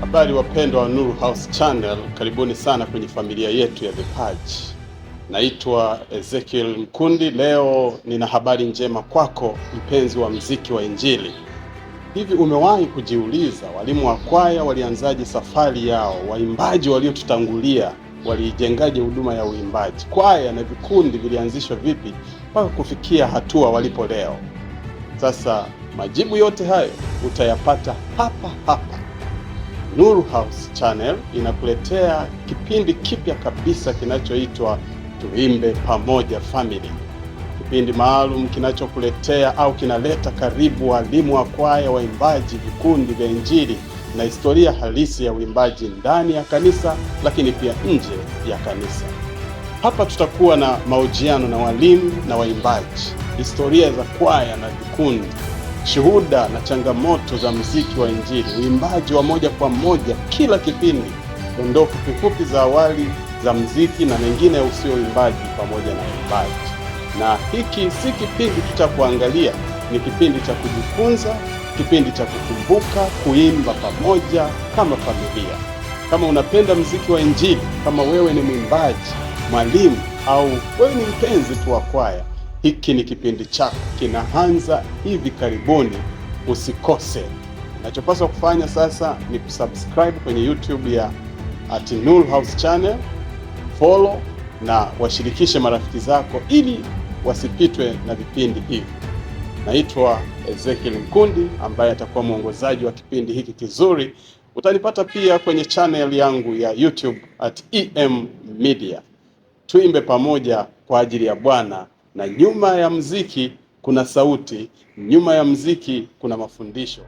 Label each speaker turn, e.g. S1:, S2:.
S1: Habari wapendwa wa Nuru House Channel, karibuni sana kwenye familia yetu ya The Page. Naitwa Ezekiel Mkundi. Leo nina habari njema kwako mpenzi wa mziki wa Injili. Hivi umewahi kujiuliza walimu wa kwaya walianzaje safari yao? Waimbaji waliotutangulia waliijengaje huduma ya uimbaji? Kwaya na vikundi vilianzishwa vipi mpaka kufikia hatua walipo leo? Sasa majibu yote hayo utayapata hapa hapa Nuru House Channel inakuletea kipindi kipya kabisa kinachoitwa Tuimbe Pamoja Family, kipindi maalum kinachokuletea au kinaleta karibu walimu wa kwaya, waimbaji, vikundi vya Injili na historia halisi ya uimbaji ndani ya kanisa, lakini pia nje ya kanisa. Hapa tutakuwa na mahojiano na walimu na waimbaji, historia za kwaya na vikundi shuhuda na changamoto za mziki wa Injili, uimbaji wa moja kwa moja kila kipindi, dondoo fupifupi za awali za mziki na mengine usio uimbaji pamoja na uimbaji. Na hiki si kipindi tu cha kuangalia, ni kipindi cha kujifunza, kipindi cha kukumbuka, kuimba pamoja kama familia. Kama unapenda mziki wa Injili, kama wewe ni mwimbaji, mwalimu au wewe ni mpenzi tu wa kwaya hiki ni kipindi chako, kinaanza hivi karibuni, usikose. Nachopaswa kufanya sasa ni kusubscribe kwenye YouTube ya at Nuru House channel, follow na washirikishe marafiki zako ili wasipitwe na vipindi hivi. Naitwa Ezekiel Mkundi ambaye atakuwa mwongozaji wa kipindi hiki kizuri. Utanipata pia kwenye channel yangu ya YouTube at EM Media. Tuimbe pamoja kwa ajili ya Bwana na nyuma ya mziki kuna sauti, nyuma ya mziki kuna mafundisho.